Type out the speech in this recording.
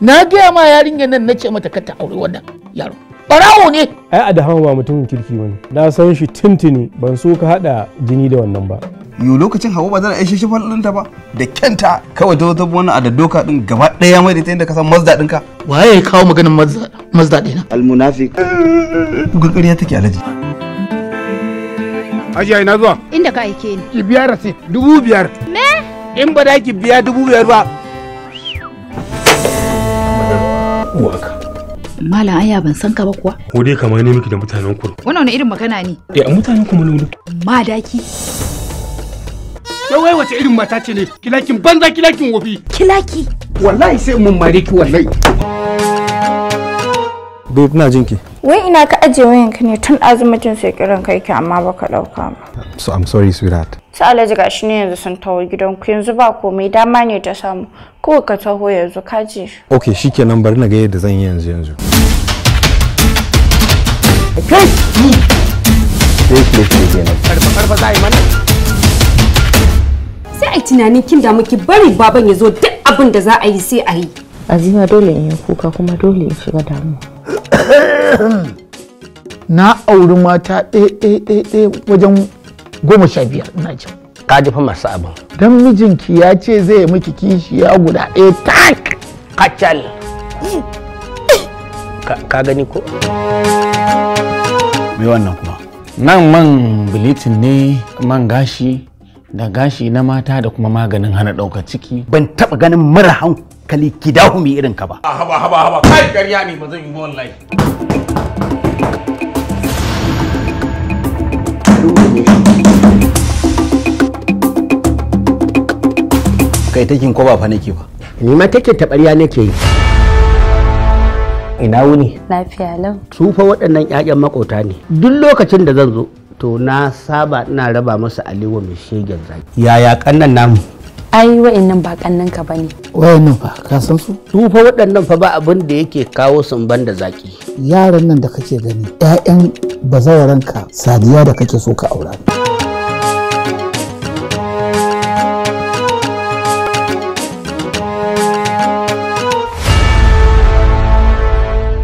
na gaya ma yarinyar nan na ce mata ka ta aure wannan yaro barawo ne ai adahama ba mutumin kirki bane na san shi tintini ban so ka hada jini da wannan ba yo lokacin hawa ba zan aishe shi ta ba da kenta kawai ta zata wani a da doka din gaba daya mai da ta inda ka san mazda ka waye ya kawo maganin mazda ɗina almunafiq gurguriya take alaji Ajiya ina zuwa. Inda ka aike ni. Ki biya rasit dubu biyar. Me? In ba da ki biya dubu biyar ba uwaka malam aya ban san ka ba kuwa ko dai kamar ne miki da mutanen ku wannan wani irin magana ne eh mutanen ku malulu ma daki wai wace irin mata ce ne kilakin banza kilakin wofi kilaki wallahi sai mun mare ki wallahi babe ina ki. wai ina ka aje wayanka ne tun azumacin sai kiran kai ki amma baka dauka ba so i'm sorry sweetheart su alhaji gashi ne yanzu sun taho gidanku yanzu ba komai dama ne ta samu kawai ka taho yanzu ka ji ok shikenan bari na ga yadda zan yi yanzu yanzu sai a tunanin kin da muke bari baban ya zo duk abin da za a yi sai a yi azima dole in yi kuka kuma dole in shiga damuwa na auri mata ɗaya ɗaya ɗaya wajen goma sha biyar ina jin ka ji fa masu abin dan mijinki ya ce zai miki kishiya guda ɗaya tak kacal ka gani ko me wannan kuma nan man bilitin ne man gashi da gashi na mata da kuma maganin hana ɗaukar ciki ban taɓa ganin mara hankali kidahu mai irin ka ba a haba haba haba kai ƙarya ne ba zan yi wallahi kai takin ko ba fa nake ba ni ma take taɓarya nake yi ina wuni lafiya lau su fa waɗannan ƴaƴan makota ne duk lokacin da zan zo to na saba ina raba masa aliwa mai shegen zaki yaya kannan namu ai wa'annan ba kannan ka bane wa'annan fa ka san su su fa waɗannan fa ba abin da yake kawo sun banda zaki yaran nan da kake gani ƴaƴan bazawaranka sadiya da kake so ka aura